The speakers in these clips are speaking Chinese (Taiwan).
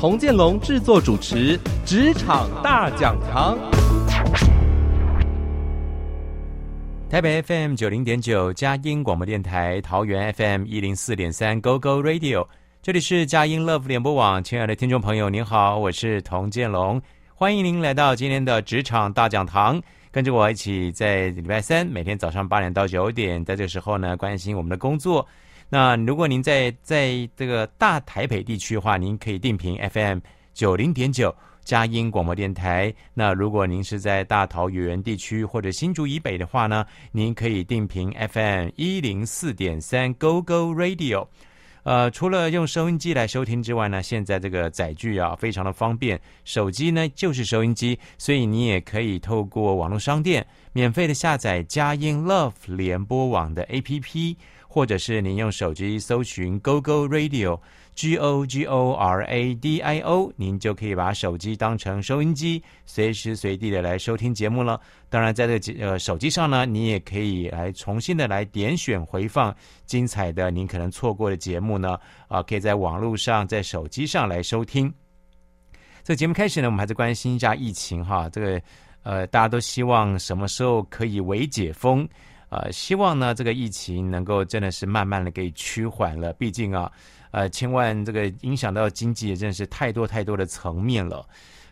童建龍製作主持《職場大講堂》，台北 FM 九零點九佳音廣播電台，桃園 FM 一零四點三 Go Go Radio，這裡是佳音樂福聯播網，親愛的聽眾朋友，您好，我是童建龍，歡迎您來到今天的《職場大講堂》，跟着我一起在禮拜三每天早上八點到九點，在這個時候呢，關心我們的工作。那如果您在在這個大台北地區的話，您可以定頻 FM 九零點九佳音廣播電台。那如果您是在大桃園地區，或者新竹以北的話呢，您可以定頻 FM 一零四點三 Go Go Radio。呃，除了用收音機來收聽之外呢，現在這個載具啊非常的方便，手機呢就是收音機，所以你也可以透過網絡商店免費的下載佳音 Love 聯播網的 APP。或者是您用手機搜尋 “Gogo Radio”，G O G O R A D I O，您就可以把手機當成收音機，隨時隨地的來收聽節目了。當然，在這呃手機上呢，你也可以來重新的來點選回放精彩的您可能錯過的節目呢。啊、呃，可以在網絡上，在手機上來收聽。這個、節目開始呢，我們還是關心一下疫情哈。這個呃，大家都希望什麼時候可以微解封。呃，希望呢，這個疫情能夠真的是慢慢的給趨緩了。畢竟啊，呃，千萬這個影響到經濟，也真的是太多太多的層面了。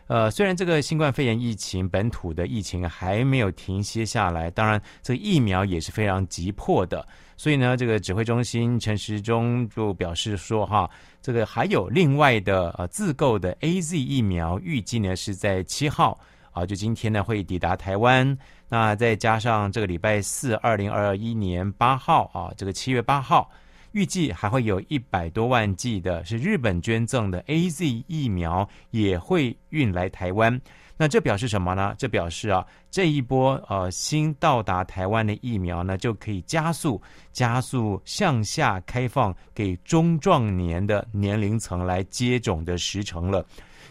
呃，雖然這個新冠肺炎疫情本土的疫情還沒有停歇下來，當然，這個疫苗也是非常急迫的。所以呢，這個指揮中心陳時中就表示說，哈，這個還有另外的呃自購的 AZ 疫苗，預計呢是在七號啊，呃，就今天呢會抵達台灣。那再加上這個禮拜四，二零二一年八號啊，這個七月八號，預計還會有一百多萬劑的，是日本捐贈的 AZ 疫苗也會運來台灣。那這表示什麼呢？這表示啊，這一波呃新到達台灣的疫苗呢，就可以加速加速向下開放給中壯年的年齡層來接種的時程了。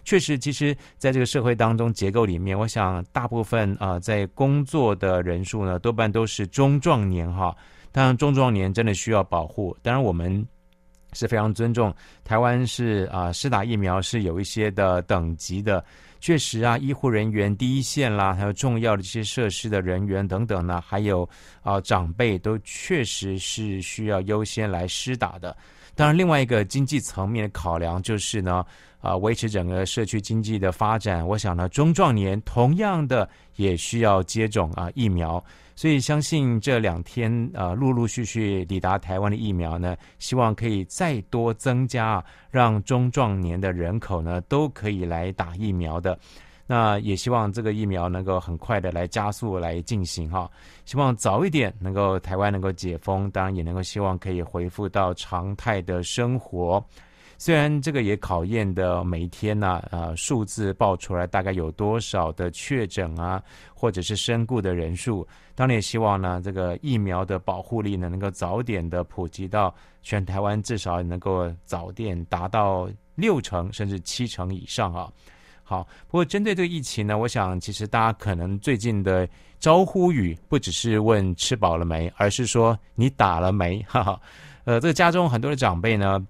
確實，其實在這個社會當中結構裡面，我想大部分啊在工作的人數呢，多半都是中壯年哈。但中壯年真的需要保護，當然我們是非常尊重。台灣是啊，施打疫苗是有一些的等級的。確實啊，醫護人員第一線啦，還有重要的這些設施的人員等等呢，還有啊長輩都確實是需要優先來施打的。當然，另外一個經濟層面的考量，就是呢，啊、呃，維持整個社區經濟的發展。我想呢，中壯年同樣的也需要接種啊疫苗，所以相信這兩天啊、呃，陸陸續續抵達臺灣的疫苗呢，希望可以再多增加，讓中壯年的人口呢都可以來打疫苗的。那也希望這個疫苗能夠很快的來加速來進行哈、啊，希望早一點能夠台灣能夠解封，當然也能夠希望可以恢復到常態的生活。雖然這個也考驗的每一天呢、啊，呃，數字報出來大概有多少的確診啊，或者是身故的人數，當然也希望呢，這個疫苗的保護力呢能夠早點的普及到全台灣，至少能夠早點達到六成甚至七成以上啊。好，不過針對這個疫情呢，我想其實大家可能最近的招呼語不只是問吃飽了沒，而是說你打了沒？哈哈，呃，這個家中很多的長輩呢，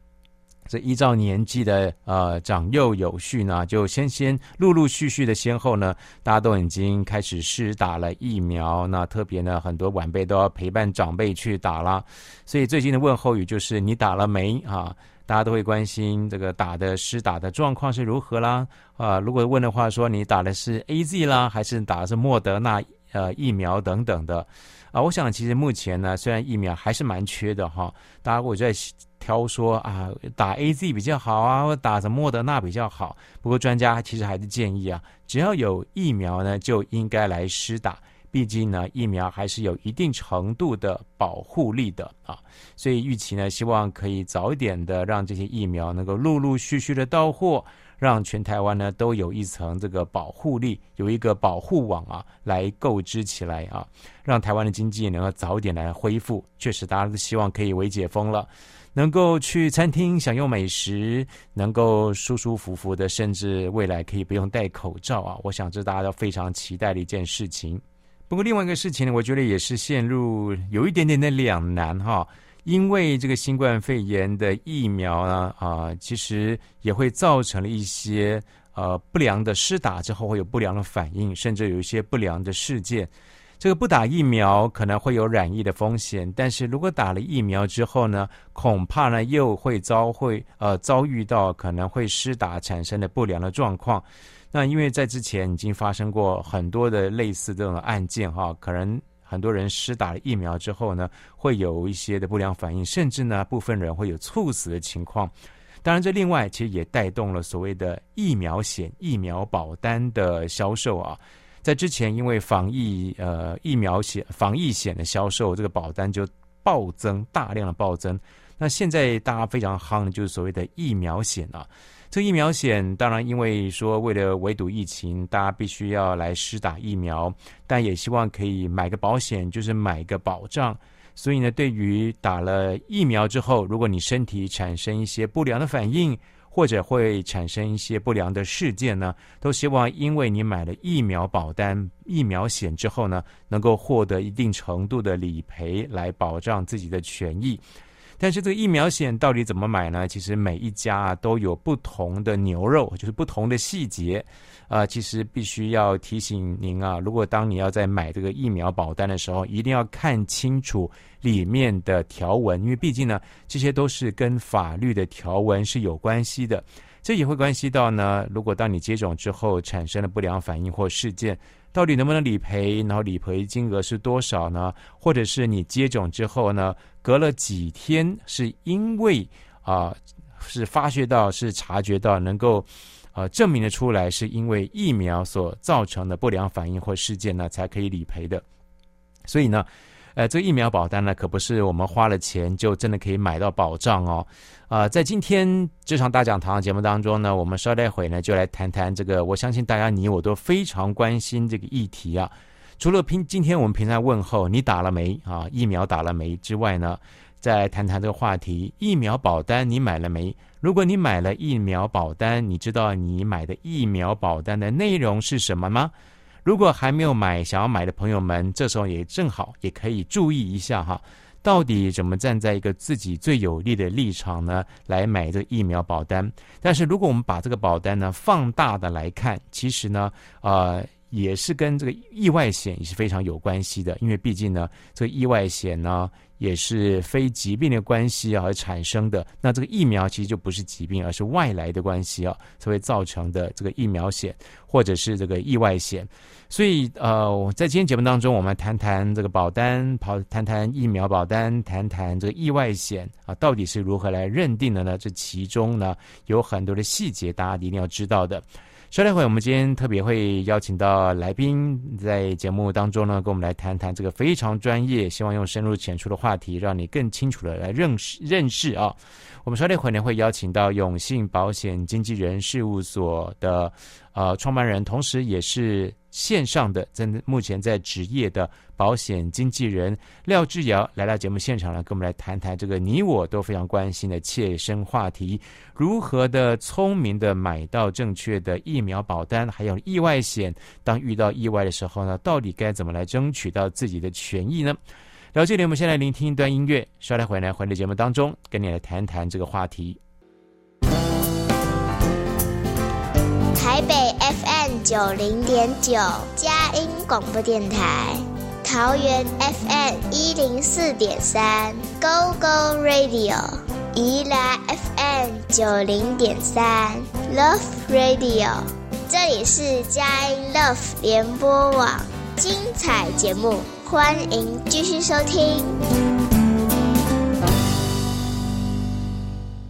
這依照年紀的呃長幼有序呢，就先先陸陸續續的先後呢，大家都已經開始施打了疫苗，那特別呢，很多晚輩都要陪伴長輩去打了，所以最近的問候語就是你打了沒啊？大家都會關心這個打的施打的狀況是如何啦啊，如果問的話說，你打的是 AZ 啦，還是打的是莫德納呃疫苗等等的啊，我想其實目前呢，雖然疫苗還是蠻缺的哈，大家會在挑說，啊，打 AZ 比較好啊，或者打的莫德納比較好。不過專家其實還是建議啊，只要有疫苗呢，就應該來施打。畢竟呢，疫苗還是有一定程度的保護力的啊，所以預期呢，希望可以早一點的讓這些疫苗能夠陸陸續續的到貨，讓全台灣呢都有一層這個保護力，有一個保護網啊，來構築起來啊，讓台灣的經濟能夠早點來恢復。確實，大家都希望可以微解封了，能夠去餐廳享用美食，能夠舒舒服服的，甚至未來可以不用戴口罩啊！我想這是大家都非常期待的一件事情。不過另外一個事情呢，我覺得也是陷入有一點點的兩難哈，因為這個新冠肺炎的疫苗呢，啊，其實也會造成了一些呃不良的施打之後會有不良的反應，甚至有一些不良的事件。這個不打疫苗可能會有染疫的風險，但是如果打了疫苗之後呢，恐怕呢又會遭會呃遭遇到可能會施打產生的不良的狀況。那因為在之前已經發生過很多的類似這種案件哈，可能很多人施打了疫苗之後呢，會有一些的不良反應，甚至呢部分人會有猝死的情況。當然，這另外其實也帶動了所謂的疫苗險、疫苗保單的銷售啊。在之前因為防疫呃疫苗險、防疫險的銷售，這個保單就暴增，大量的暴增。那現在大家非常夯的就是所謂的疫苗險啊。這疫苗險當然，因為說為了圍堵疫情，大家必須要來施打疫苗，但也希望可以買個保險，就是買個保障。所以呢，對於打了疫苗之後，如果你身體產生一些不良的反應，或者會產生一些不良的事件呢，都希望因為你買了疫苗保單、疫苗險之後呢，能夠獲得一定程度的理賠，來保障自己的權益。但是這個疫苗險到底怎麼買呢？其實每一家啊都有不同的牛肉，就是不同的細節啊。其實必須要提醒您啊，如果當你要在買這個疫苗保單的時候，一定要看清楚裡面的條文，因為畢竟呢，這些都是跟法律的條文是有關係的。這也會關係到呢，如果當你接種之後產生了不良反應或事件，到底能不能理賠，然後理賠金額是多少呢？或者是你接種之後呢？隔了幾天，是因為啊、呃，是發覺到，是察覺到，能夠啊、呃、證明得出來，是因為疫苗所造成的不良反應或事件呢，才可以理賠的。所以呢，呃，這個、疫苗保單呢，可不是我們花了錢就真的可以買到保障哦。啊、呃，在今天這場大講堂的節目當中呢，我們稍待會呢，就來談談這個，我相信大家你我都非常關心這個議題啊。除了平，今天我們平常問候，你打了沒啊，疫苗打了沒之外呢，再談談這個話題，疫苗保單你買了沒？如果你買了疫苗保單，你知道你買的疫苗保單的內容是什麼嗎？如果還沒有買，想要買的朋友們，這時候也正好也可以注意一下哈，到底怎麼站在一個自己最有利的立場呢，來買這個疫苗保單？但是如果我們把這個保單呢放大的來看，其實呢，呃。也是跟這個意外險也是非常有關係的，因為畢竟呢，這個意外險呢也是非疾病的關係啊，而產生的。那這個疫苗其實就不是疾病，而是外來的關係啊，才會造成的這個疫苗險或者是這個意外險。所以呃，在今天節目當中，我們談談這個保單，跑談談疫苗保單，談談這個意外險啊，到底是如何來認定的呢？這其中呢有很多的細節，大家一定要知道的。稍等會我們今天特別會邀請到來賓，在節目當中呢，跟我們來談談這個非常專業，希望用深入淺出的話題，讓你更清楚的來認識認識啊。我們稍等會呢，會邀請到永信保險經紀人事務所的呃創辦人，同時也是線上的在目前在執業的保險經紀人廖致堯來到節目現場呢，跟我們來談談這個你我都非常關心的切身話題：如何的聰明的買到正確的疫苗保單，還有意外險？當遇到意外的時候呢，到底該怎麼來爭取到自己的權益呢？到這裡，我們先來聆聽一段音樂，稍待回來，回到節目當中，跟你來談談這個話題。台北 FM 九零點九，佳音廣播電台；桃園 FM 一零四點三，Go Go Radio；宜蘭 FM 九零點三，Love Radio。這裡是佳音 Love 聯播網，精彩節目。歡迎繼續收聽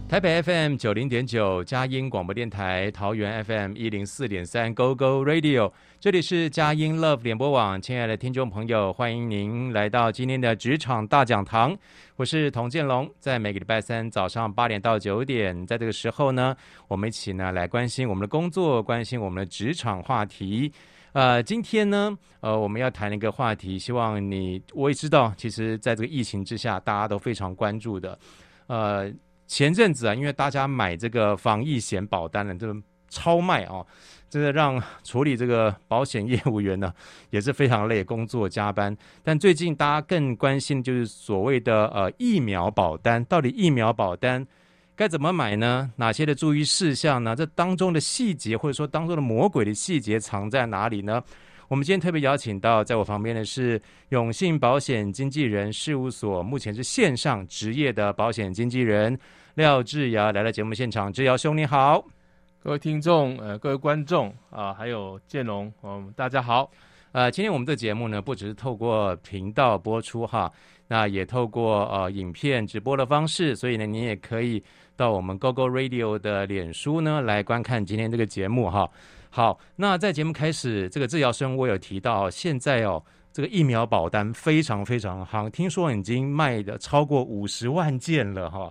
台北 FM 九零點九佳音廣播電台，桃園 FM 一零四點三 Go Go Radio，這裡是佳音 Love 聯播網，親愛的聽眾朋友，歡迎您來到今天的職場大講堂，我是童建龍，在每個禮拜三早上八點到九點，在這個時候呢，我們一起呢來關心我們的工作，關心我們的職場話題。呃，今天呢，呃，我們要談一個話題，希望你我也知道，其實在這個疫情之下，大家都非常關注的。呃，前陣子啊，因為大家買這個防疫險保單呢這個超賣啊，哦，真的讓處理這個保險業務員呢也是非常累，工作加班。但最近大家更關心就是所謂的呃疫苗保單，到底疫苗保單？該怎麼買呢？哪些的注意事項呢？這當中的細節，或者說當中的魔鬼的細節，藏在哪裡呢？我們今天特別邀請到在我旁邊的是永信保險經紀人事務所，目前是線上執業的保險經紀人廖致堯，來到節目現場。致堯兄，你好。各位聽眾，呃，各位觀眾啊，還有建龍，我、啊、們大家好。呃，今天我們的節目呢，不只是透過頻道播出哈，那也透過呃影片直播的方式，所以呢，您也可以。到我們 GoGo Radio 的臉書呢，來觀看今天這個節目哈。好，那在節目開始，這個致堯生我有提到，現在哦，這個疫苗保單非常非常夯，聽說已經賣得超過五十萬件了哈。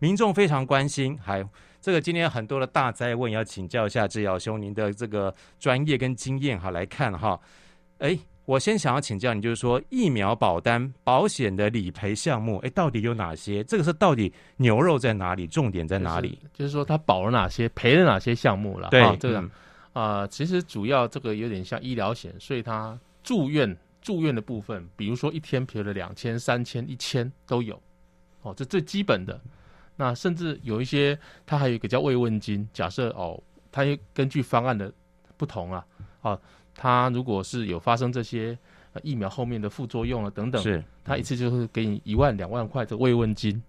民眾非常關心，還這個今天很多的大哉問，要請教一下致堯兄您的這個專業跟經驗哈，來看哈。哎。我先想要請教你，就是說疫苗保單保險的理賠項目，誒、欸，到底有哪些？這個是到底牛肉在哪裡？重點在哪裡？就是，就是說它保了哪些，賠了哪些項目了？對，啊、這個啊、嗯呃，其實主要這個有點像醫療險，所以它住院住院的部分，比如說一天賠了兩千、三千、一千都有，哦，這最基本的。那甚至有一些，它還有一個叫慰問金，假設哦，它又根據方案的不同啊，啊。他如果是有發生這些、呃、疫苗後面的副作用啊等等，是，他、嗯、一次就會給你一萬兩萬塊的慰問金。嗯、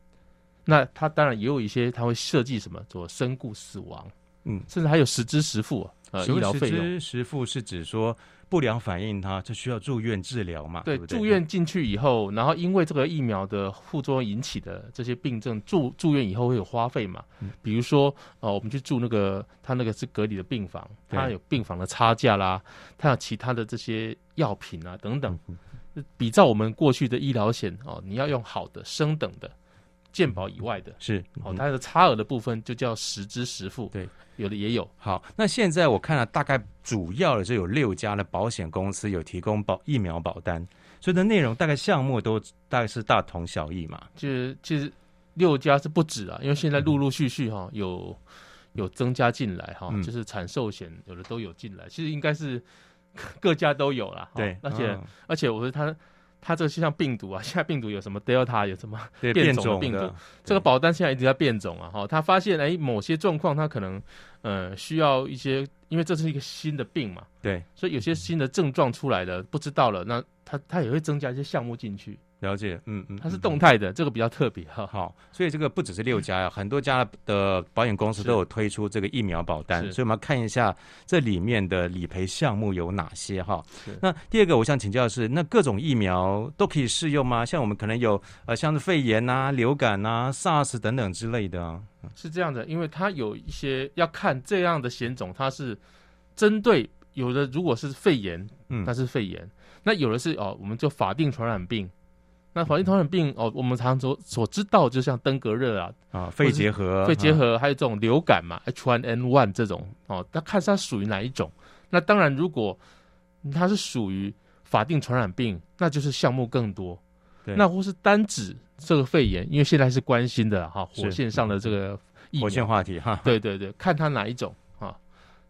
那他當然也有一些，他會設計什麼做身故死亡，嗯，甚至還有實支實付啊醫療費用。實支實付是指說。不良反應，它就需要住院治療嘛？對、對、對，住院進去以後，然後因為這個疫苗的副作用引起的這些病症，住住院以後會有花費嘛？嗯、比如說，呃、哦，我們去住那個，他那個是隔離的病房，他有病房的差價啦，他有其他的這些藥品啊等等、嗯。比照我們過去的醫療險哦，你要用好的、升等的。健保以外的是哦、嗯，它的差額的部分就叫實支實付。對，有的也有。好，那現在我看了，大概主要的就有六家的保險公司有提供保疫苗保單，所以的內容大概項目都大概是大同小異嘛。其實其實六家是不止啊，因為現在陸陸續續哈、啊嗯、有有增加進來哈、啊嗯，就是產壽險有的都有進來。其實應該是各家都有啦。對，而、哦、且、嗯、而且我說他。它這個就像病毒啊，現在病毒有什麼 Delta 有什麼變種病毒？變種，這個保單現在一直在變種啊，哈，他發現哎、欸、某些狀況，他可能呃需要一些，因為這是一個新的病嘛，對，所以有些新的症狀出來的，不知道了，那他他也會增加一些項目進去。了解，嗯嗯，它是動態的、嗯，這個比較特別哈、嗯，所以這個不只是六家呀、啊嗯，很多家的保險公司都有推出這個疫苗保單，所以我們要看一下這裡面的理賠項目有哪些哈是。那第二個我想請教的是，那各種疫苗都可以適用嗎？像我們可能有呃，像是肺炎啊、流感啊、SARS 等等之類的、啊，是這樣的，因為它有一些要看這樣的險種，它是針對有的，如果是肺炎，嗯，它是肺炎、嗯；那有的是哦，我們就法定傳染病。那法定傳染病、嗯、哦，我們常常所，所知道，就像登革熱啊，啊，肺結核、肺結核、啊、還有這種流感嘛，H 1 N 1這種哦，那、啊、看是它屬於哪一種。那當然，如果它是屬於法定傳染病，那就是項目更多。對，那或是單指這個肺炎，因為現在是關心的哈、啊，火線上的這個疫苗火線話題哈，哈。對對對，看它哪一種啊，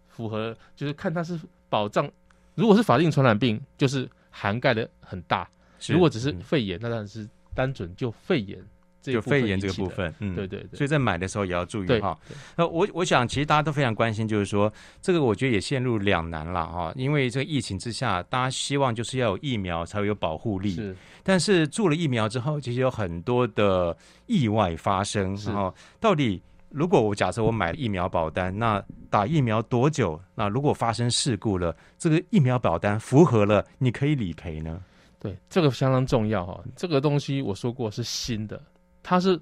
符合就是看它是保障，如果是法定傳染病，就是涵蓋的很大。如果只是肺炎，嗯，那當然是單純就肺炎這，就肺炎這個部分，嗯，對對對。所以在買的時候也要注意哈。那我我想，其實大家都非常關心，就是說這個我覺得也陷入兩難了哈。因為這個疫情之下，大家希望就是要有疫苗才會有保護力。但是做了疫苗之後，其實有很多的意外發生。然後，到底如果我假設我買了疫苗保單，那打疫苗多久？那如果發生事故了，這個疫苗保單符合了，你可以理賠呢？對，這個相當重要哈、哦。這個東西我說過是新的，它是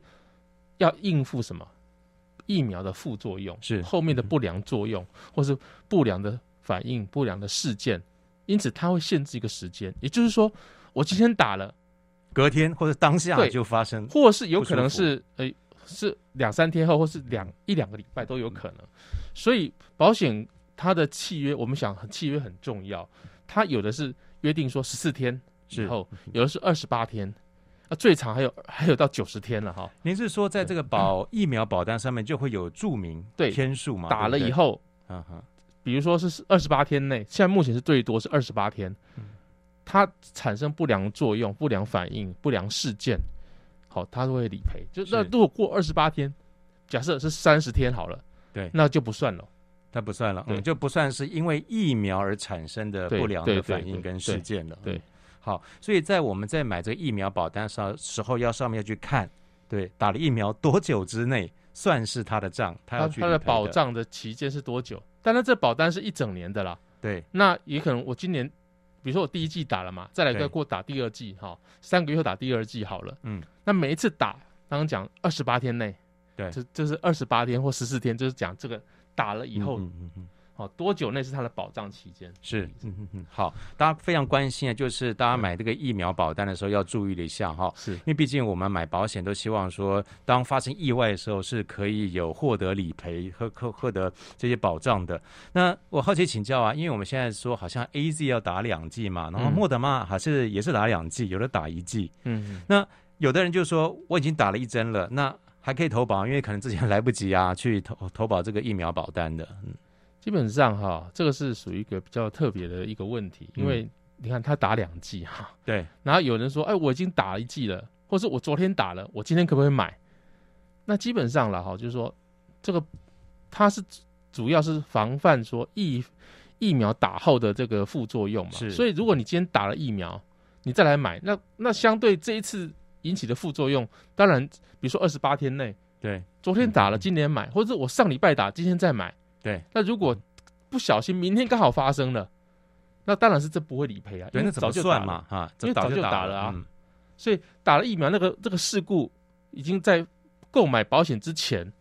要應付什麼疫苗的副作用，是後面的不良作用，或是不良的反應、不良的事件。因此，它會限制一個時間。也就是說，我今天打了，隔天或者當下就發生對，或者是有可能是誒、呃，是兩三天後，或是兩一兩個禮拜都有可能。嗯、所以，保險它的契約，我們想契約很重要，它有的是約定說十四天。之後有的是二十八天，啊，最長還有還有到九十天了哈。您是說在這個保、嗯、疫苗保單上面就會有註明對天數嗎？打了以後，哈，比如說是二十八天內、啊，現在目前是最多是二十八天，它產生不良作用、不良反應、不良事件，好，它都會理賠。就那如果過二十八天，假設是三十天好了，對，那就不算了，那不算了，嗯，就不算是因為疫苗而產生的不良的反應跟事件了，對。對對對對對好，所以在我們在買這個疫苗保單的時候，要上面要去看，對，打了疫苗多久之內算是他的賬，他的他的保障的期間是多久？但那這保單是一整年的啦。對，那也可能我今年，比如說我第一劑打了嘛，再來再過打第二劑，哈，三個月後打第二劑好了。嗯，那每一次打，剛剛講二十八天內，對，就就是二十八天或十四天，就是講這個打了以後。嗯嗯嗯嗯好，多久那是它的保障期間？是，嗯嗯嗯。好，大家非常關心的，就是大家買這個疫苗保單的時候要注意一下哈。是，因為畢竟我們買保險都希望說，當發生意外的時候是可以有獲得理賠和獲獲得這些保障的。那我好奇請教啊，因為我們現在說好像 AZ 要打兩劑嘛，然後莫德曼還是也是打兩劑，嗯，有的打一劑。嗯嗯。那有的人就說我已經打了一針了，那還可以投保，因為可能之前來不及啊去投投保這個疫苗保單的。嗯。基本上哈，這個是屬於一個比較特別的一個問題，嗯，因為你看他打兩劑哈，對，然後有人說，哎，我已經打了一劑了，或者是我昨天打了，我今天可不可以買？那基本上了哈，就是說這個它是主要是防範說疫疫苗打後的這個副作用嘛，是，所以如果你今天打了疫苗，你再來買，那那相對這一次引起的副作用，當然比如說二十八天內，對，昨天打了，嗯嗯今年買，或者是我上禮拜打，今天再買。對，那如果不小心，明天剛好發生了，那當然是這不會理賠啊。對，那早就那算嘛？啊，因為早就打了啊打了、嗯，所以打了疫苗，那個這個事故已經在購買保險之前，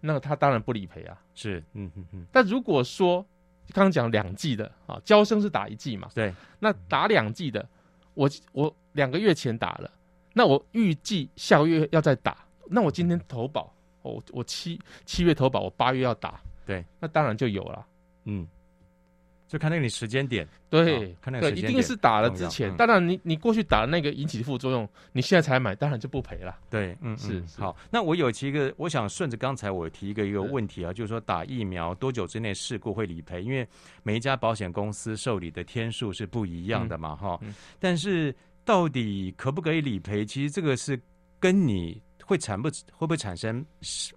那他當然不理賠啊。是，嗯嗯嗯。但如果說剛剛講兩劑的啊，嬌生是打一劑嘛？對。那打兩劑的，我我兩個月前打了，那我預計下個月要再打，那我今天投保，我、嗯哦、我七七月投保，我八月要打。對，那當然就有了，嗯，就看那個時間點。對、哦看那個時間點，對，一定是打了之前。嗯、當然你，你你過去打那個引起的副作用、嗯，你現在才買，當然就不賠了。對，嗯，嗯是，是。好，那我有其一個，我想順着剛才我提一個一個問題啊，就是說打疫苗多久之內事故會理賠？因為每一家保險公司受理的天數是不一樣的嘛，哈、嗯。但是到底可不可以理賠？其實這個是跟你。會產不會不會產生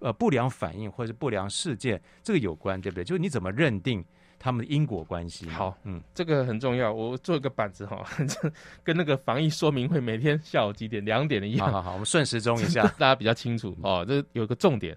呃不良反應或者是不良事件，這個有關，對不對？就是你怎麼認定他們的因果關係？好，嗯，這個很重要。我做一個板子哈、哦，跟那個防疫說明會每天下午幾點兩點的一樣。好、好、好，我們順時鐘一下，大家比較清楚 哦。這是有個重點，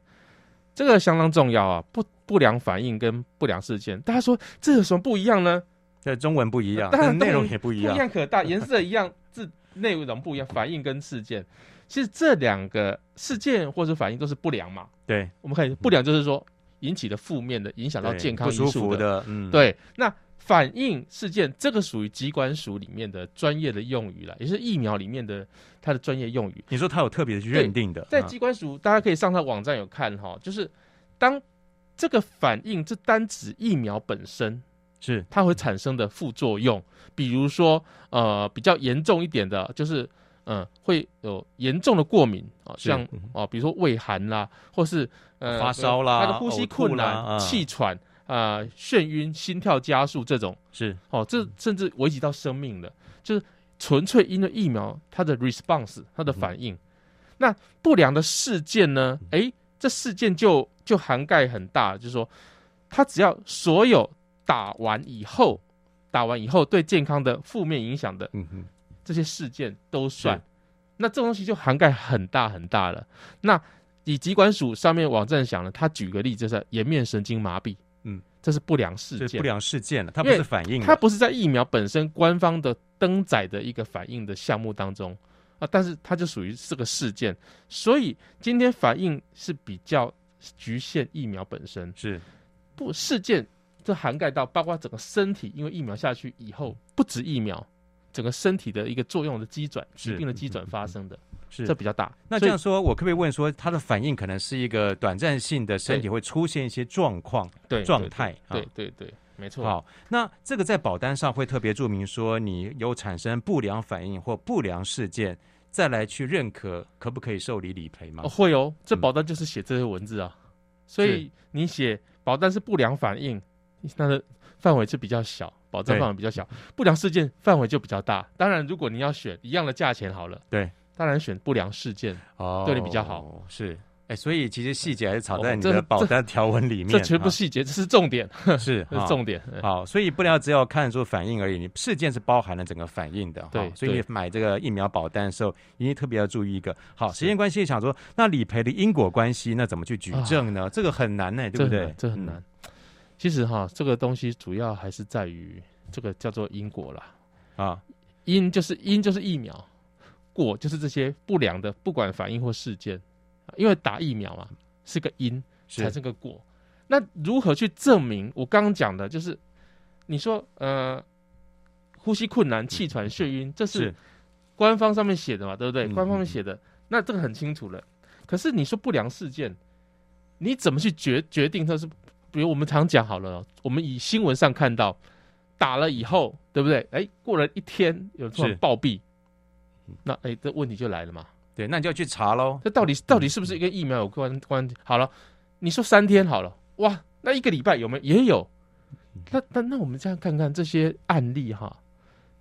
這個相當重要啊。不不良反應跟不良事件，大家說這有什麼不一樣呢？這中文不一樣，但、呃、內容也不一樣。一、呃、樣可大，顏色一樣，字內容不一樣。 反應跟事件，其實這兩個。事件或者反應都是不良嘛？對，我們看不良就是說引起的負面的影響到健康因素、不舒服的。嗯，對。那反應事件這個屬於疾管署裡面的專業的用語了，也是疫苗裡面的它的專業用語。你說它有特別去認定的？在疾管署、啊，大家可以上它網站有看哈、哦，就是當這個反應，這單指疫苗本身是它會產生的副作用，比如說呃比較嚴重一點的，就是。嗯、呃，會有嚴重的過敏啊，像啊、呃，比如說畏寒啦、啊，或是呃發燒啦、呃，他的呼吸困難、氣、啊、喘啊、呃、眩暈、心跳加速這種是哦，這甚至危及到生命的。嗯、就是純粹因為疫苗它的 response 它的反應、嗯。那不良的事件呢？哎，這事件就就涵蓋很大，就是說，他只要所有打完以後，打完以後對健康的負面影響的，嗯這些事件都算，那這東西就涵蓋很大很大了。那以疾管署上面網站想了，他舉個例子，就是顏面神經麻痹，嗯，這是不良事件。不良事件了，它不是反應，它不是在疫苗本身官方的登載的一個反應的項目當中啊，但是它就屬於這個事件。所以今天反應是比較局限疫苗本身，是不事件就涵蓋到包括整個身體，因為疫苗下去以後不止疫苗。整個身體的一個作用的機轉，疾病的機轉發生的，是這比較大。那這樣說，我可不可以問說，它的反應可能是一個短暫性的，身體會出現一些狀況、對狀態？對對對，對，對，沒錯。好，那這個在保單上會特別注明說，你有產生不良反應或不良事件，再來去認可，可不可以受理理賠嗎、哦？會哦，這保單就是寫這些文字啊。嗯、所以你寫保單是不良反應，它的範圍是比較小。保、哦、障範圍比較小，不良事件範圍就比較大。當然，如果你要選一樣的價錢好了，對，當然選不良事件哦，對你比較好。是，哎，所以其實細節還是藏在你的保單條文裡面，哦、這，這，這全部細節、啊，這是重點，是、哦、這是重點、哦嗯。好，所以不良只有看出反應而已，你事件是包含了整個反應的。哦、對，所以你買這個疫苗保單的時候，一定特別要注意一個。好，時間關係，想說那理賠的因果關係，那怎麼去舉證呢、啊？這個很難呢、欸啊，對不對？這很難。其實哈，這個東西主要還是在於這個叫做因果啦啊，因就是因就是疫苗，果就是這些不良的不管反應或事件，因為打疫苗嘛，是個因才是個果是，那如何去證明？我剛剛講的就是，你說呃呼吸困難、氣喘、眩暈，這是官方上面寫的嘛，對不對？官方寫的嗯嗯嗯，那這個很清楚了。可是你說不良事件，你怎麼去決決定它是？比如我們常講好了，我們以新聞上看到打了以後，對不對？哎，過了一天有這種暴斃，那哎，這問題就來了嘛。對，那你就要去查嘍。這到底到底是不是一個疫苗有關關,關？好了，你說三天好了，哇，那一個禮拜有沒有？也有。那那那我們這樣看看這些案例哈，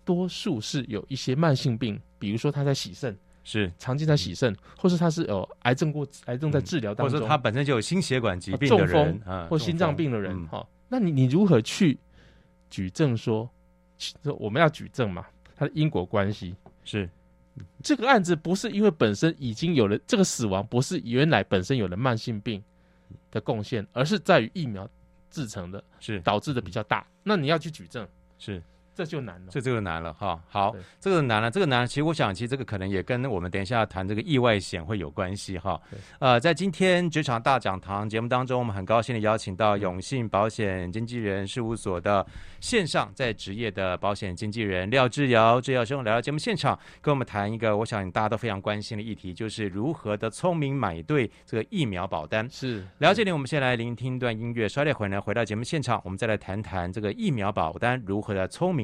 多數是有一些慢性病，比如說他在洗腎。是，長期在洗腎，嗯，或是他是有、呃、癌症過，癌症在治療當中，或是他本身就有心血管疾病的人，呃、中風啊，或心臟病的人，哈、啊哦，那你你如何去舉證說，嗯，說我們要舉證嘛，他的因果關係是這個案子不是因為本身已經有了這個死亡，不是原來本身有了慢性病的貢獻，而是在於疫苗製成的，是導致的比較大。嗯，那你要去舉證是。這就難了，這就難了哈。好，這個難了，這個難了。其實我想，其實這個可能也跟我們等一下談這個意外險會有關係哈。呃，在今天職場大講堂節目當中，我們很高興的邀請到永信保險經紀人事務所的線上、嗯、在職業的保險經紀人廖致堯、致堯兄來到節目現場，跟我們談一個我想大家都非常關心的議題，就是如何的聰明買對這個疫苗保單。是，了解。你我們先來聆聽一段音樂，稍等會呢，回到節目現場，我們再來談談這個疫苗保單如何的聰明。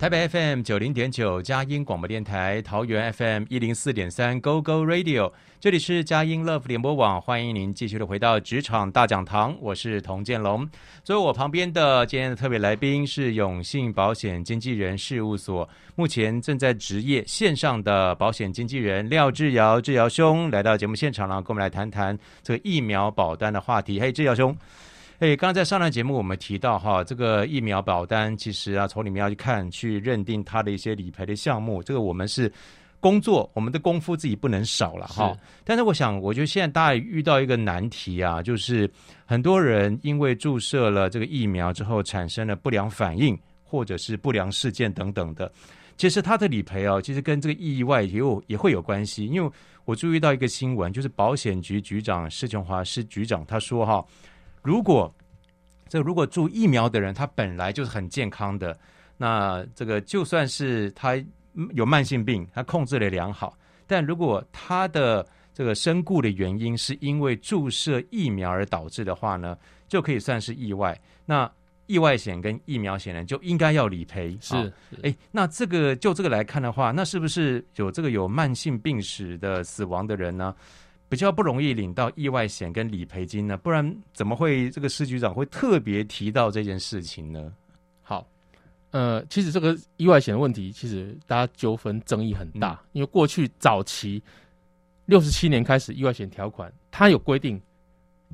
台北 FM 九零點九佳音廣播電台，桃園 FM 一零四點三 Go Go Radio，這裡是佳音 Love 聯播網，歡迎您繼續的回到職場大講堂，我是童建龍。坐在我旁邊的今天的特別來賓是永信保險經紀人事務所目前正在執業線上的保險經紀人廖致堯，致堯兄來到節目現場呢，跟我們來談談這個疫苗保單的話題，嘿，致堯兄。哎，剛剛在上段節目我們提到哈，這個疫苗保單其實啊，從裡面要去看去認定它的一些理賠的項目，這個我們是工作，我們的功夫自己不能少了哈。是但是我想，我覺得現在大家遇到一個難題啊，就是很多人因為注射了這個疫苗之後產生了不良反應或者是不良事件等等的，其實他的理賠哦，其實跟這個意外也有也會有關係。因為我注意到一個新聞，就是保險局局長施瓊華施局長，他說哈。如果這如果注疫苗的人，他本來就是很健康的，那這個就算是他有慢性病，他控制的良好，但如果他的這個身故的原因是因為注射疫苗而導致的話呢，就可以算是意外。那意外險跟疫苗險呢，就應該要理賠。是，哎、哦，那這個就這個來看的話，那是不是有這個有慢性病史的死亡的人呢？比較不容易領到意外險跟理賠金呢，不然怎麼會這個施局長會特別提到這件事情呢？好，呃，其實這個意外險問題，其實大家糾紛爭議很大、嗯，因為過去早期六十七年開始意外險條款，它有規定。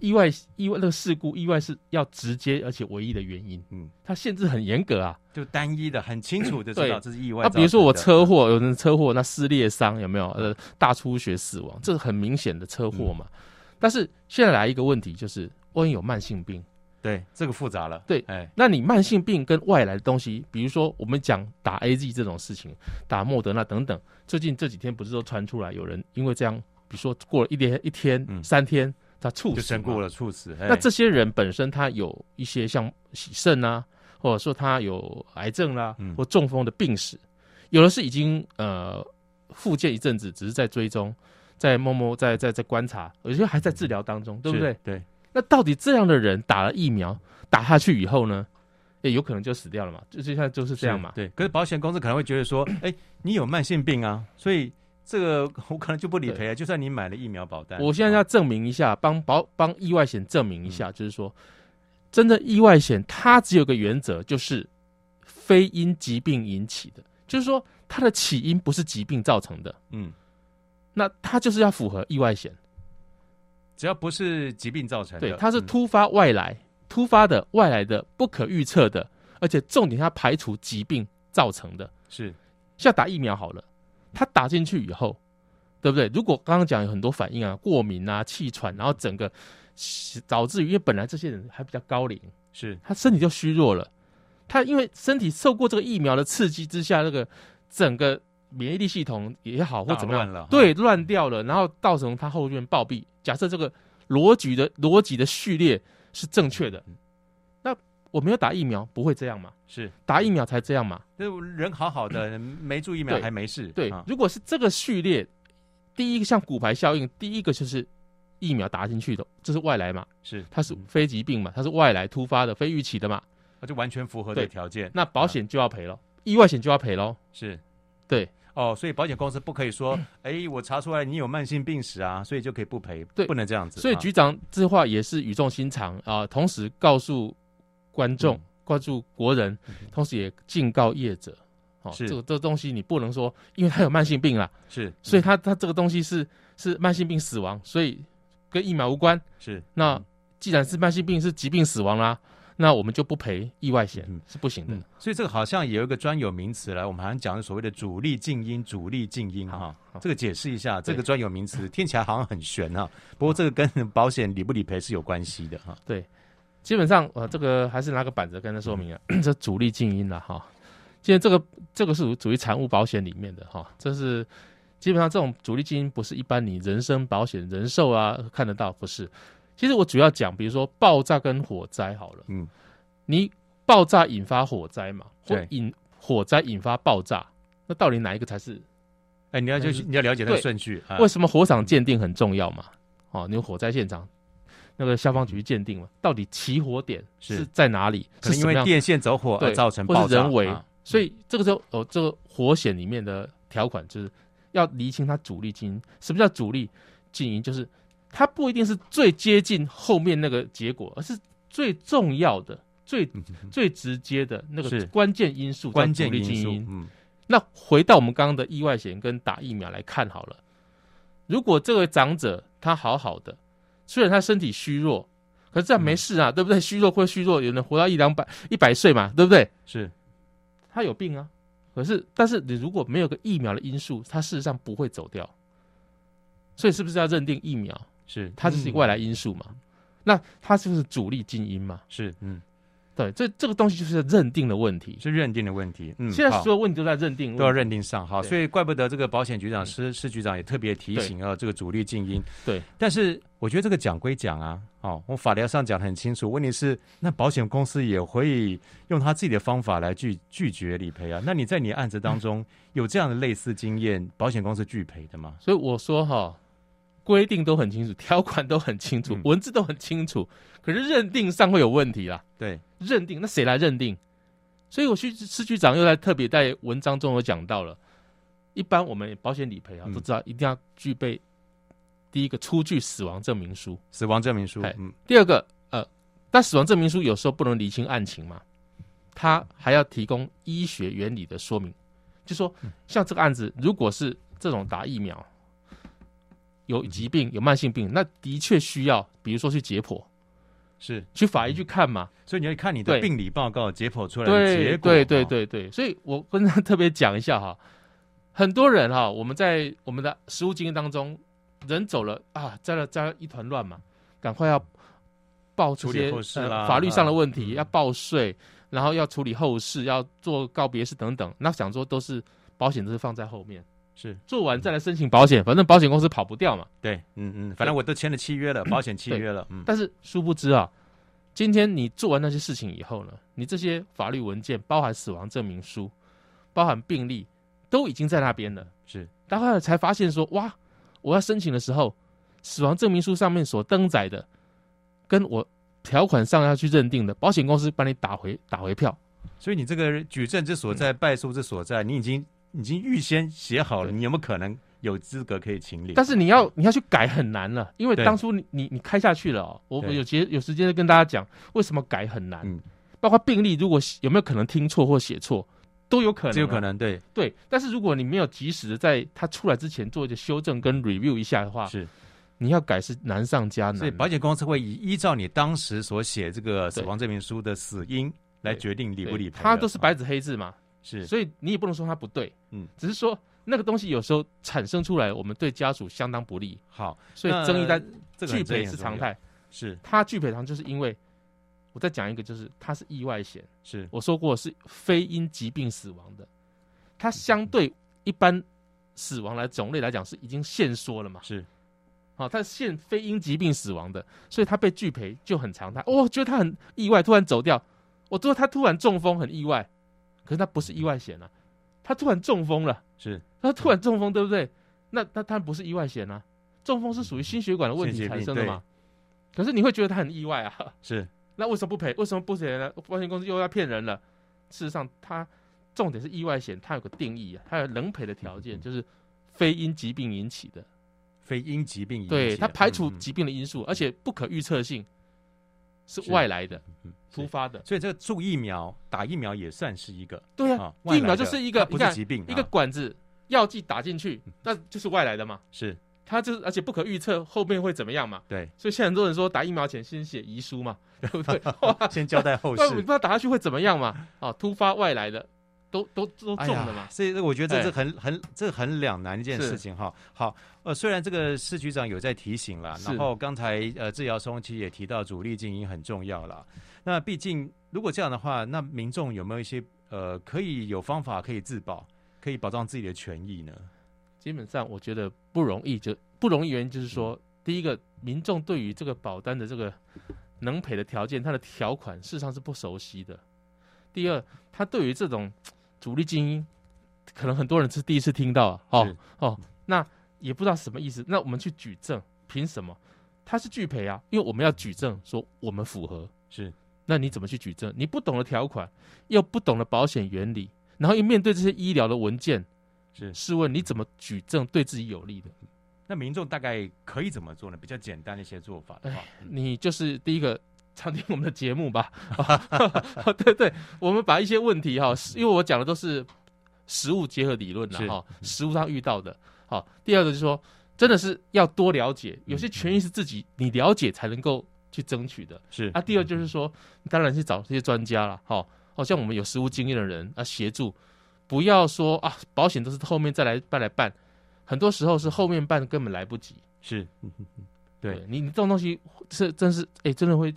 意外意外，那個事故意外是要直接而且唯一的原因，嗯，它限制很嚴格啊，就單一的很清楚的知道這是意外的。 那比如說我車禍，有人車禍，那撕裂傷有沒有呃大出血死亡，這是很明顯的車禍嘛。嗯、但是現在來一個問題就是，萬、嗯、一有慢性病，對這個複雜了，對，哎，那你慢性病跟外來的東西，比如說我們講打 A Z 這種事情，打莫德納等等，最近這幾天不是都傳出來有人因為這樣，比如說過了一連一天、嗯、三天。就身故了，猝死，猝死。那這些人本身他有一些像洗腎啊，或者說他有癌症啦、啊嗯，或中風的病史，有的是已經呃復健一陣子，只是在追蹤，在默默在在在，在觀察，有些還在治療當中、嗯，對不對？對。那到底這樣的人打了疫苗，打下去以後呢？欸、有可能就死掉了嘛？就現在就是這樣嘛？對。可是保險公司可能會覺得說，哎、 欸，你有慢性病啊，所以。這個我可能就不理賠啊，就算你買了疫苗保單，我現在要證明一下，幫保幫意外險證明一下、嗯，就是說，真的意外險它只有個原則，就是非因疾病引起的，就是說它的起因不是疾病造成的，嗯，那它就是要符合意外險，只要不是疾病造成的，對，它是突發外來、嗯、突發的外來的不可預測的，而且重點它排除疾病造成的，是，像打疫苗好了。他打進去以後，對不對？如果剛剛講有很多反應啊，過敏啊，氣喘，然後整個導致於，因為本來這些人還比較高齡，是他身體就虛弱了，他因為身體受過這個疫苗的刺激之下，那個整個免疫力系統也好或怎麼樣，亂、對，亂掉了。然後到時候他後面暴斃，假設這個邏輯的邏輯的序列是正確的。我沒有打疫苗，不會這樣嘛？是打疫苗才這樣嘛？人好好的， 沒注疫苗還沒事。對，對、啊，如果是這個序列，第一個像骨牌效應，第一個就是疫苗打進去的，這是外來嘛？是，它是非疾病嘛？它是外來突發的、非預期的嘛？那、啊、就完全符合這條件、啊，那保險就要賠了、啊，意外險就要賠咯。是對哦，所以保險公司不可以說：“哎、 欸，我查出來你有慢性病史啊，所以就可以不賠。”對，不能這樣子。所以局長這話也是語重心長啊，啊，同時告訴。觀眾關注國人、嗯，同時也警告業者：嗯、哦，這個這個、東西你不能說，因為他有慢性病了、啊，是，嗯、所以他他這個東西是是慢性病死亡，所以跟疫苗無關。是，那既然是慢性病，是疾病死亡啦、啊嗯，那我們就不賠意外險、嗯、是不行的、嗯。所以這個好像也有一個專有名詞來，我們好像講所謂的“主力近因”“主力近因、啊”哈，這個解釋一下這個專有名詞，聽起來好像很玄哈、啊。不過這個跟保險理不理賠是有關係的哈、啊。對。基本上，呃，這個還是拿個板子，跟他說明啊。嗯、這主力近因了、啊、哈。現在這個這個是主屬於產物保險裡面的哈。這是基本上這種主力近因不是一般你人身保險人壽啊看得到，不是。其實我主要講，比如說爆炸跟火災好了。嗯。你爆炸引發火災嘛？對。引火災引發爆炸，那到底哪一個才是？哎，你要就、哎、你要了解它的順序、啊。為什麼火場鑑定很重要嘛？哦，你火災現場。那個消防局鑑定嘛，到底起火點是在哪裡？是，是因為電線走火而造成，不是人為、啊？所以這個時候，哦、呃，這個火險裡面的條款就是要釐清它主力近因。什麼叫主力近因？就是它不一定是最接近後面那個結果，而是最重要的、最最直接的那個關鍵因素。 力關鍵因素。嗯。那回到我們剛剛的意外險跟打疫苗來看好了，如果這位長者他好好的。雖然他身體虛弱，可是這樣沒事啊，嗯、對不對？虛弱或者虛弱，有人活到一兩百、一百歲嘛，對不對？是，他有病啊，可是但是你如果沒有個疫苗的因素，他事實上不會走掉。所以是不是要認定疫苗？是，它就是外來因素嘛、嗯。那它是不是主力近因嘛？是，嗯。對，這這個東西就是認定的問題，是認定的問題。嗯，現在所有問題都在認定、嗯，都要認定上哈。所以怪不得這個保險局長施施、嗯、局長也特別提醒啊、嗯。這個主力近因、嗯。對，但是我覺得這個講歸講啊，哦，我法律上講得很清楚。問題是，那保險公司也會以用他自己的方法來拒拒絕理賠啊。那你在你案子當中、嗯、有這樣的類似經驗，保險公司拒賠的嗎？所以我說哈，規定都很清楚，條款都很清楚，嗯、文字都很清楚，可是認定上會有問題啊。對。認定，那誰來認定？所以我去市局長又在特別在文章中有講到了。一般我們保險理賠啊、嗯，都知道一定要具備第一個出具死亡證明書，死亡證明書。嗯、第二個呃，但死亡證明書有時候不能釐清案情嘛，他還要提供醫學原理的說明，就說像這個案子如果是這種打疫苗有疾病有慢性病，那的確需要比如說去解剖。是去法醫去看嘛，嗯、所以你要看你的病理報告、解剖出來的結果。對對對對，對，對，對，所以我跟他特別講一下哈，很多人哈，我們在我們的實務經驗當中，人走了啊，在那在那一團亂嘛，趕快要報出些法律上的問題、啊，要報稅，然後要處理後事，要做告別式等等，那想說都是保險，都是放在後面。是做完再來申請保險，反正保險公司跑不掉嘛。對，嗯嗯，反正我都簽了契約了，保險契約了。嗯。但是殊不知啊，今天你做完那些事情以後呢，你這些法律文件，包含死亡證明書、包含病歷，都已經在那邊了。是，然後才發現說，哇，我要申請的時候，死亡證明書上面所登載的，跟我條款上要去認定的，保險公司幫你打回打回票。所以你這個舉證之所在，敗、嗯、訴之所在，你已經。已經預先寫好了，你有沒有可能有資格可以請領？但是你要你要去改很難了，因為當初你你你開下去了、哦。我有時間有時間跟大家講為什麼改很難。嗯、包括病歷，如果有沒有可能聽錯或寫錯，都有可能。只有可能對對。但是如果你沒有及時的在它出來之前做一個修正跟 review 一下的話，是你要改是難上加難。所以保險公司會依依照你當時所寫這個死亡證明書的死因來決定理不理賠。它都是白紙黑字嘛。是，所以你也不能說他不對，嗯，只是說那個東西有時候產生出來，我們對家屬相當不利。好，所以爭議單拒賠是常態。是他拒賠常，嗯、就是因為，我再講一個，就是它是意外險，是我說過是非因疾病死亡的，它相對一般死亡來種類來講是已經限縮了嘛？是，好、哦，它限非因疾病死亡的，所以它被拒賠就很常態、哦。我覺得他很意外，突然走掉，我覺得他突然中風，很意外。可是他不是意外險啊，他突然中風了，是，他突然中風，對不對？那，那他不是意外險啊，中風是屬於心血管的問題產生的嘛？可是你會覺得他很意外啊？是，那為什麼不賠？為什麼不賠呢？保險公司又要騙人了。事實上，他重點是意外險，它有個定義啊，它有能賠的條件嗯嗯，就是非因疾病引起的，非因疾病引起的，對，它排除疾病的因素，嗯嗯，而且不可預測性是外來的。突發的，所以這個注疫苗、打疫苗也算是一個對啊，疫苗就是一個不是疾病，啊、一個管子藥劑打進去，那、嗯、就是外來的嘛。是，它就是而且不可預測後面會怎麼樣嘛。對，所以現在很多人說打疫苗前先寫遺書嘛， 對不對？ 先交代後續，不知道打下去會怎麼樣嘛？啊，突發外來的。都都都中了嘛、哎？所以我覺得這、哎、這很很這很兩難一件事情哈。好，呃，雖然這個市局長有在提醒了，然後剛才呃，致堯松其實也提到主力經營很重要了。那畢竟如果這樣的話，那民眾有沒有一些呃可以有方法可以自保，可以保障自己的權益呢？基本上我覺得不容易，就不容易原因就是說，嗯、第一個民眾對於這個保單的這個能賠的條件，它的條款事實上是不熟悉的。第二，他對於這種獨立精英，可能很多人是第一次聽到啊，哦哦，那也不知道什麼意思。那我們去舉證，憑什麼他是拒賠啊？因為我們要舉證說我們符合，是。那你怎麼去舉證？你不懂的條款，又不懂的保險原理，然後又面對這些醫療的文件，是。試問你怎麼舉證對自己有利的？那民眾大概可以怎麼做呢？比較簡單的一些做法的話、嗯、你就是第一個。常聽我們的節目吧 對對，對，我們把一些問題哈，因為我講的都是實務結合理論了。哈，實務上遇到的。好，第二個就是說，真的是要多了解，有些權益是自己你了解才能夠去爭取的。是啊，第二就是說，你當然去找這些專家了。好，像我們有實務經驗的人啊，協助，不要說啊，保險都是後面再來辦來辦，很多時候是後面辦根本來不及。是，對你，你這種東西真是真是哎，真的會。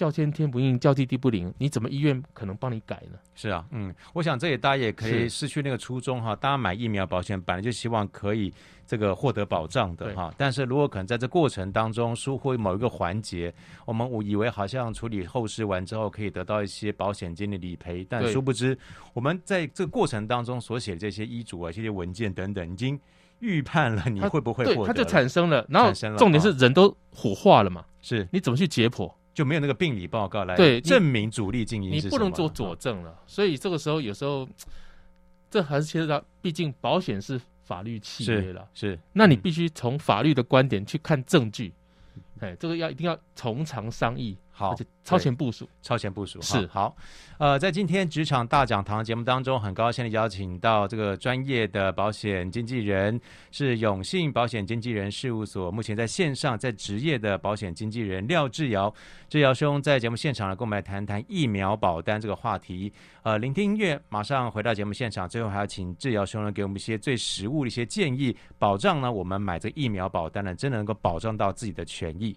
叫天天不應，叫地地不靈，你怎麼醫院可能幫你改呢？是啊，嗯，我想這也大家也可以失去那個初衷哈。大家買疫苗保險，本來就希望可以這個獲得保障的哈。但是如果可能在這過程當中疏忽某一個環節，我們誤以為好像處理後事完之後可以得到一些保險金的理賠，但殊不知我們在這個過程當中所寫這些醫囑啊、這些文件等等，已經預判了你會不會它對它就產生了。然後產生了，重點是人都火化了嘛，啊、是？你怎麼去解剖？就沒有那個病理報告來對證明主力進，你不能做佐證了。嗯、所以這個時候，有時候這還是其實它，畢竟保險是法律契約了，是。那你必須從法律的觀點去看證據，哎、嗯，這個要一定要從長商議。好，超前部署，超前部署是好。呃，在今天職場大講堂節目當中，很高興的邀請到這個專業的保險經紀人，是永信保險經紀人事務所目前在線上在執業的保險經紀人廖致堯，致堯兄在節目現場呢，跟我們來談談疫苗保單這個話題。呃，聆聽音樂，馬上回到節目現場。最後還要請致堯兄呢，給我們一些最實務的一些建議，保障呢，我們買這疫苗保單呢，真的能夠保障到自己的權益。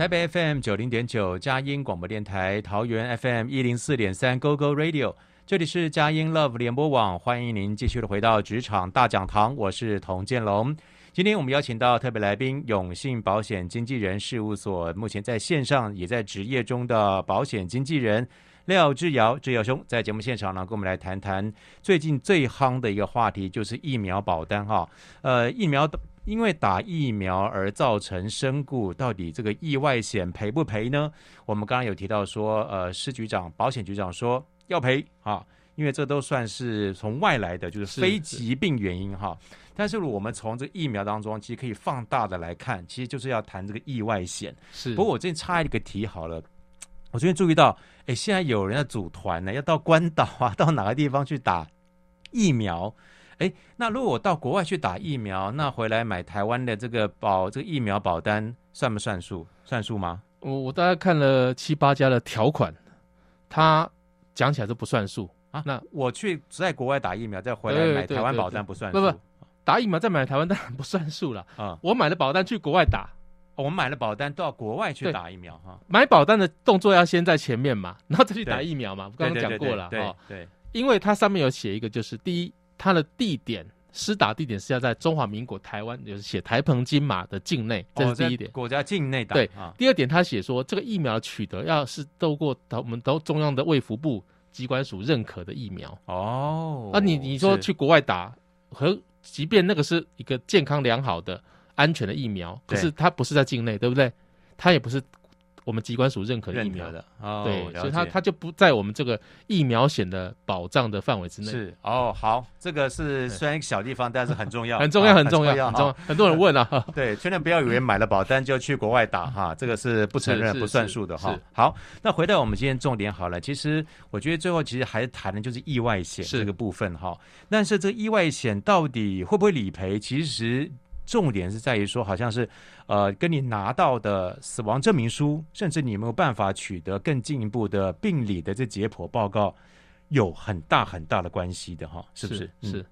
台北 FM 九零點九佳音廣播電台，桃園 FM 一零四點三 GoGo Radio，這裡是佳音 Love 聯播網，歡迎您繼續的回到職場大講堂，我是童建龍。今天我們邀請到特別來賓永信保險經紀人事務所目前在線上也在職業中的保險經紀人廖致堯，致堯兄在節目現場呢，跟我們來談談最近最夯的一個話題，就是疫苗保單哈。呃，疫苗因為打疫苗而造成身故，到底這個意外險賠不賠呢？我們剛剛有提到說，呃，施局長保險局長說要賠啊，因為這都算是從外來的，就是非疾病原因哈。但是我們從這個疫苗當中其實可以放大的來看，其實就是要談這個意外險。是。不過我最近插一個題好了，我最近注意到，哎，現在有人要組團呢，要到關島啊，到哪個地方去打疫苗？哎，那如果我到國外去打疫苗，那回來買台灣的這個保這個疫苗保單算不算數？算數嗎？我我大概看了七八家的條款，他講起來都不算數啊。那我去在國外打疫苗，再回來買台灣保單不算數。對對對對對不，不不，打疫苗再買台灣當然不算數了啊、嗯。我買了保單去國外打，哦、我買了保單到國外去打疫苗哈。買保單的動作要先在前面嘛，然後再去打疫苗嘛。我剛剛講過了哈，對，對，對，對，對，哦、對，對，對，對，因為它上面有寫一個，就是第一。它的地點，施打地點是要在中華民國台灣，就是寫台澎金馬的境內，這是第一點。哦、在國家境內打，對、啊、第二點他，他寫說這個疫苗取得要是透過我們都中央的衛福部機關署認可的疫苗。哦，那、啊、你你說去國外打，和即便那個是一個健康良好的、安全的疫苗，可是它不是在境內，對不對？它也不是。我們機關署認可疫苗的。哦、對，所以它它就不在我們這個疫苗險的保障的範圍之內。是哦，好，這個是雖然一個小地方，但是很重要， 很重要、啊，很重要，很重要，很重要，很重要 很多人問啊， 對，千萬不要以為買了保單 就去國外打哈、 啊，這個是不承認、不算數的哈。好，那回到我們今天重點好了，其實我覺得最後其實還是談的就是意外險這個部分哈，但是這個意外險到底會不會理賠，其實。重點是在於說，好像是呃，跟你拿到的死亡證明書，甚至你有沒有辦法取得更進一步的病理的這解剖報告，有很大很大的關係的哈，是不是？是、是。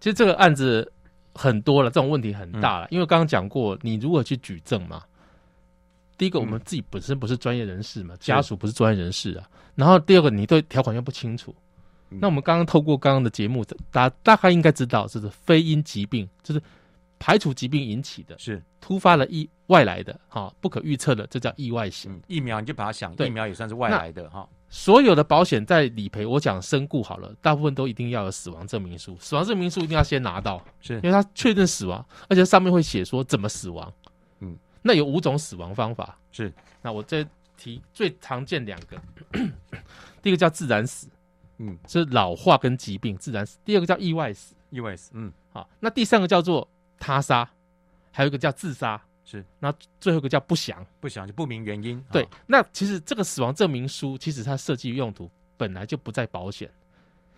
其實這個案子很多了，這種問題很大了、嗯，因為剛剛講過，你如何去舉證嘛、嗯，第一個我們自己本身不是專業人士嘛，嗯、家屬不是專業人士啊，然後第二個你對條款又不清楚，嗯、那我們剛剛透過剛剛的節目，大家大概應該知道，就是非因疾病，就是。排除疾病引起的是突發了意外來的哈、哦，不可預測的，這叫意外險、嗯。疫苗你就把它想，疫苗也算是外來的哈、哦。所有的保險在理賠，我講身故好了，大部分都一定要有死亡證明書。死亡證明書一定要先拿到，是因為他確認死亡，而且上面會寫說怎麼死亡。嗯，那有五種死亡方法。是，那我再提最常見兩個， 第一個叫自然死，嗯，就是老化跟疾病自然死。第二個叫意外死，意外死，嗯，好、哦，那第三個叫做。他殺，還有一個叫自殺，是，那最後一個叫不詳，不詳就不明原因。對、哦，那其實這個死亡證明書，其實它設計用途本來就不在保險，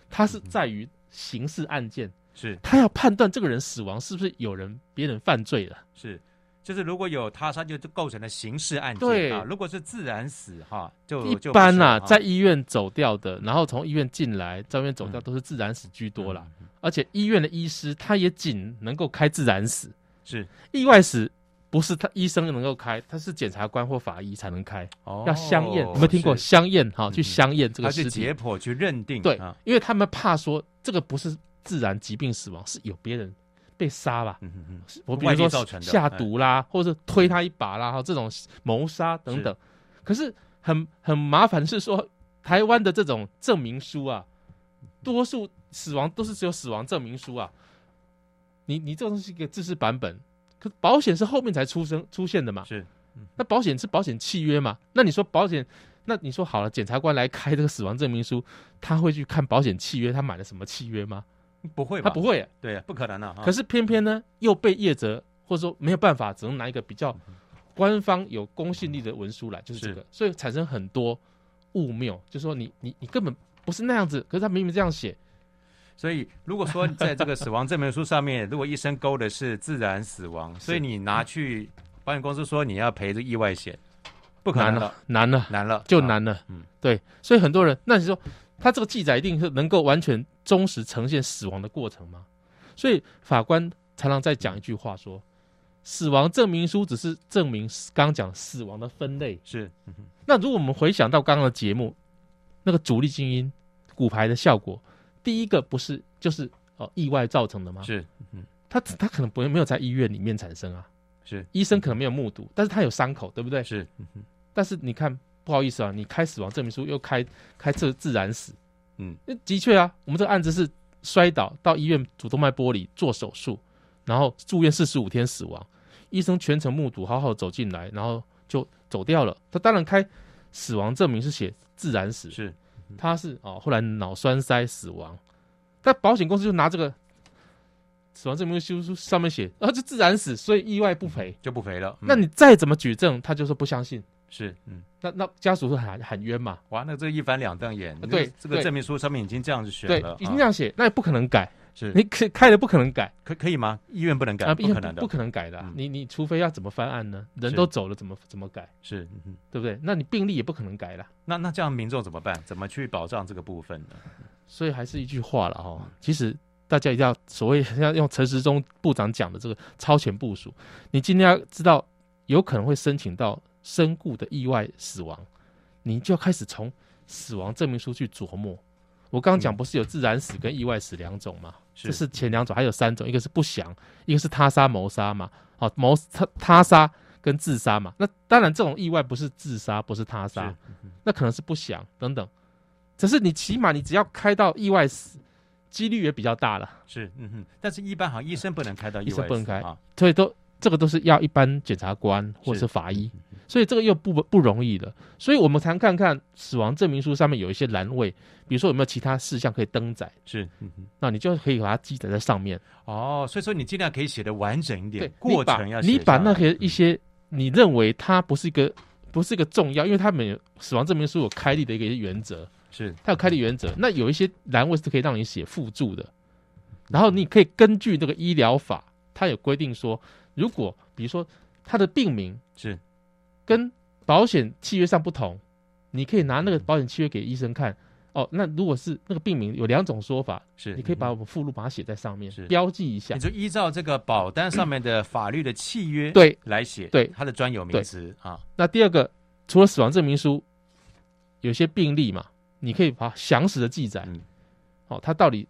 它是在於刑事案件，是、嗯嗯，他要判斷這個人死亡是不是有人別人犯罪了，是，就是如果有他殺，就是、構成了刑事案件，對啊，如果是自然死，哈，就一般啊，就啊，在醫院走掉的，然後從醫院進來，在醫院走掉都是自然死居多啦。嗯嗯而且醫院的醫師他也僅能夠開自然死，是意外死，不是他醫生就能夠開，他是檢察官或法醫才能開，哦、要相驗，有沒有聽過相驗？哈、嗯，去相驗這個屍體，還是解剖去認定？對、啊，因為他們怕說這個不是自然疾病死亡，是有別人被殺啦，嗯嗯嗯，我比如說下毒啦，嗯、哼哼或者推他一把啦，哈、嗯，這種謀殺等等。可是很很麻煩是說台灣的這種證明書啊，多數。死亡都是只有死亡證明書啊你，你你這個東西一個制式版本，可保險是後面才出生出現的嘛？是，那保險是保險契約嘛？那你說保險，那你說好了，檢察官來開這個死亡證明書，他會去看保險契約，他買了什麼契約嗎？不會，他不會，對，不可能的。可是偏偏呢，又被業者或者說沒有辦法，只能拿一個比較官方有公信力的文書來，就是這個，所以產生很多誤謬，就是說你你你根本不是那樣子，可是他明明這樣寫。所以，如果說你在這個死亡證明書上面，如果醫生勾的是自然死亡， 所以你拿去保險公司說你要賠這意外險，不可能的，難了，難了，就難了。嗯、啊，對。所以很多人，那你說他這個記載一定是能夠完全忠實呈現死亡的過程嗎？所以法官常常在講一句話說，死亡證明書只是證明剛講死亡的分類是。那如果我們回想到剛剛的節目，那個主力精英骨牌的效果。第一個不是就是哦、呃、意外造成的嗎？是，嗯，他他可能不會沒有在醫院裡面產生啊，是醫生可能沒有目睹，但是他有傷口，對不對？是，嗯，但是你看，不好意思啊，你開死亡證明書又開開這個自然死，嗯，的確啊，我們這個案子是摔倒到醫院主動脈剝離做手術，然後住院四十五天死亡，醫生全程目睹，好好走進來，然後就走掉了，他當然開死亡證明是寫自然死，是。他是哦，後來腦栓塞死亡，但保險公司就拿這個死亡證明書上面寫，然後就自然死，所以意外不賠、嗯、就不賠了、嗯。那你再怎麼舉證，他就是不相信。是，嗯，那那家屬很很冤嘛？哇，那這一翻兩瞪眼。對，這個證明書上面已經這樣子寫了，已經這樣寫，那也不可能改。是，你可開了不可能改，可以可以嗎？醫院不能改，不可能的。啊不不可能改的啊嗯、你你除非要怎麼翻案呢？人都走了，怎麼怎麼改？是、嗯，對不對？那你病歷也不可能改了。那那這樣民眾怎麼辦？怎麼去保障這個部分呢？所以還是一句話了哈、哦嗯，其實大家一定要所謂要用陳時中部長講的這個超前部署，你今天要知道有可能會申請到身故的意外死亡，你就要開始從死亡證明書去琢磨。我剛剛講不是有自然死跟意外死兩種嗎？這是前兩種，還有三種，一個是不詳，一個是他殺謀殺嘛，好謀他他殺跟自殺嘛。那當然這種意外不是自殺，不是他殺，那可能是不詳等等。只是你起碼你只要開到意外死，幾率也比較大了。是，嗯哼。但是一般好像醫生不能開到意外死，啊、醫生不能開啊，所以都。這個都是要一般檢察官或者是法醫，所以這個又不不容易的，所以我們常看看死亡證明書上面有一些欄位，比如說有沒有其他事項可以登載。是，那你就可以把它記載在上面。哦，所以說你盡量可以寫得完整一點，對，過程要寫，你把那些一些你認為它不是一個、嗯、不是一個重要，因為它們死亡證明書有開立的一個原則，是它有開立的原則，那有一些欄位是可以讓你寫附注的，然後你可以根據那個醫療法，它有規定說。如果，比如說他的病名是跟保險契約上不同，你可以拿那個保險契約給醫生看。哦，那如果是那個病名有兩種說法，是你可以把我們附錄把它寫在上面，是標記一下。你就依照這個保單上面的法律的契約來 對，來寫對他的專有名詞啊、哦。那第二個，除了死亡證明書，有些病例嘛，你可以把詳實的記載。哦，他到底。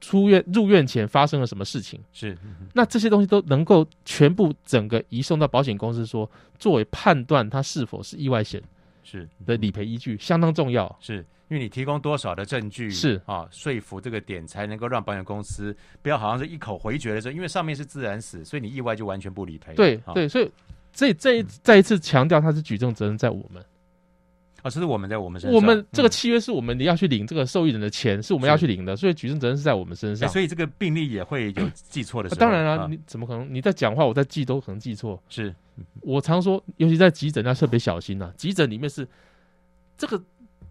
出院入院前發生了什麼事情？是，嗯、那這些東西都能夠全部整個移送到保險公司說，說作為判斷他是否是意外險是的理賠依據、嗯，相當重要。是，因為你提供多少的證據是啊，說服這個點才能夠讓保險公司不要好像是一口回絕的時候，因為上面是自然死，所以你意外就完全不理賠。對、啊、對，所以這這再一次強調，它是舉證責任在我們。啊、哦，這是我們在我們身上。我們這個契約是我們，你要去領這個受益人的錢、嗯，是，是我們要去領的，所以舉證責任是在我們身上。欸、所以這個病例也會有記錯的時候。嗯、啊、當然啦、啊啊，你怎麼可能？你在講話，我在記，都可能記錯。是，我常說，尤其在急診要特別小心啊。嗯、急診裡面是這個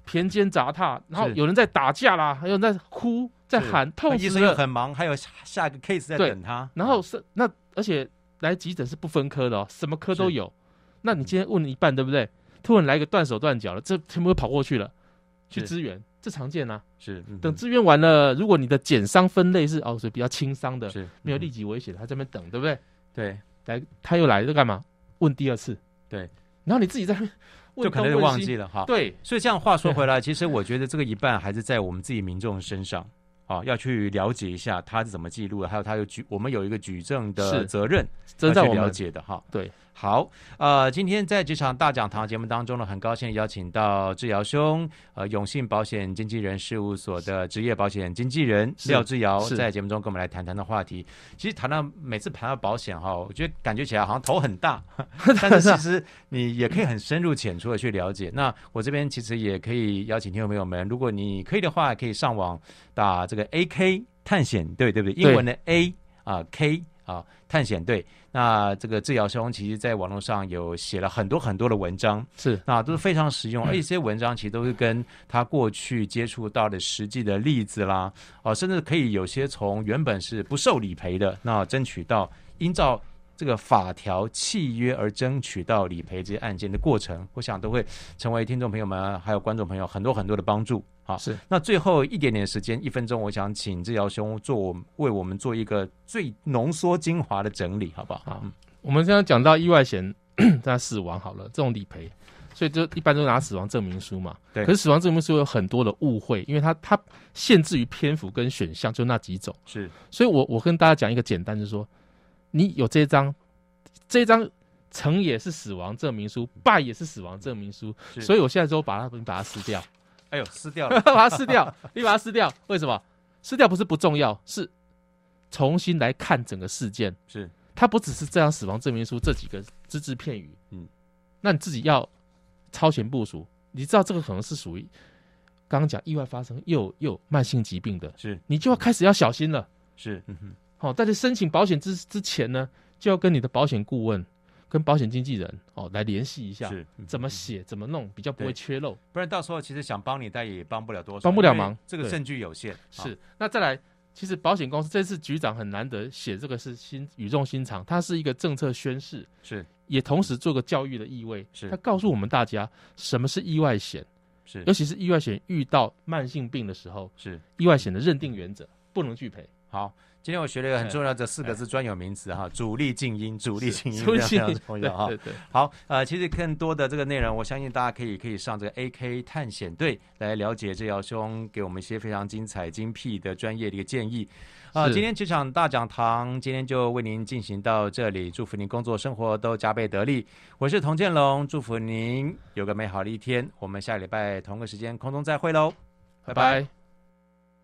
田間雜沓，然後有人在打架啦，還有人在哭，在喊痛。其實又很忙，還有下下一個 case 在等他。然後是、嗯、那，而且來急診是不分科的哦，什麼科都有。那你今天問了一半，對不對？嗯突然來個斷手斷腳了，這全部都跑過去了，去支援，這常見啊。是嗯嗯，等支援完了，如果你的減傷分類是哦是比較輕傷的，是嗯嗯沒有立即威脅，他這邊等，對不對？對，來他又來了，這幹嘛？問第二次。對，然後你自己在那問，就可能就忘記了問問哈。對，所以這樣話說回來， 其實我覺得這個一半還是在我們自己民眾身上啊，要去了解一下他是怎麼記錄的，還有他有舉，我們有一個舉證的責任，真在我們了解的哈。對。好，呃，今天在這場大講堂節目當中呢，很高興邀請到致堯兄，呃，永信保險經紀人事務所的執業保險經紀人廖致堯，在節目中跟我們來談談的話題。其實談到每次談到保險哈、哦，我覺得感覺起來好像頭很大，但是其實你也可以很深入淺出的去了解。 那我這邊其實也可以邀請聽眾朋友們，如果你可以的話，可以上網打這個 AK 探險，對對不對，對？英文的 A 啊、嗯呃、K。啊，探險隊。那這個致堯兄，其實在網絡上有寫了很多很多的文章，是那、啊、都是非常實用。而且這些文章其實都是跟他過去接觸到的實際的例子啦，啊，甚至可以有些從原本是不受理賠的，那、啊、爭取到應照。這個法條契約而爭取到理賠這些案件的過程，我想都會成為聽眾朋友們還有觀眾朋友很多很多的幫助。好，是那最後一點點時間一分鐘，我想請致堯兄做我為我們做一個最濃縮精華的整理，好不好？嗯嗯、我們現在講到意外險，在 他死亡好了這種理賠，所以就一般都拿死亡證明書嘛。對。可是死亡證明書有很多的誤會，因為它它限制於篇幅跟選項，就那幾種。是。所以我我跟大家講一個簡單，就是說。你有這張，這張成也是死亡證明書，敗也是死亡證明書，所以我現在說把它把它撕掉。 哎呦，撕掉了， 把它撕掉，你把它撕掉， 為什麼？撕掉不是不重要，是重新來看整個事件。是，它不只是這張死亡證明書這幾個隻字片語。嗯，那你自己要超前部署，你知道這個可能是屬於剛剛講意外發生又又慢性疾病的，是你就要開始要小心了。是，嗯好、哦，在這申請保險之之前呢，就要跟你的保險顧問、跟保險經紀人哦來聯繫一下，是怎麼寫、怎麼弄，比較不會缺漏，不然到時候其實想幫你，但也幫不了多少。幫不了忙，這個證據有限。是，那再來，其實保險公司這次局長很難得寫這個是心、語重心長，它是一個政策宣誓，是也同時做個教育的意味，是他告訴我們大家什麼是意外險，是尤其是意外險遇到慢性病的時候，是意外險的認定原則不能拒賠。好。今天我學了一個很重要的四個字專有名詞哈，主力近因，主力近因這樣的朋友啊。好，呃，其實更多的這個內容，我相信大家可以可以上這個 AK 探險隊來了解。這堯兄給我們一些非常精彩、精闢的專業的一個建議啊、呃。今天職場大講堂今天就為您進行到這裡，祝福您工作生活都加倍得力。我是童建龍，祝福您有個美好的一天。我們下禮拜同個時間空中再會嘍，拜拜。Bye bye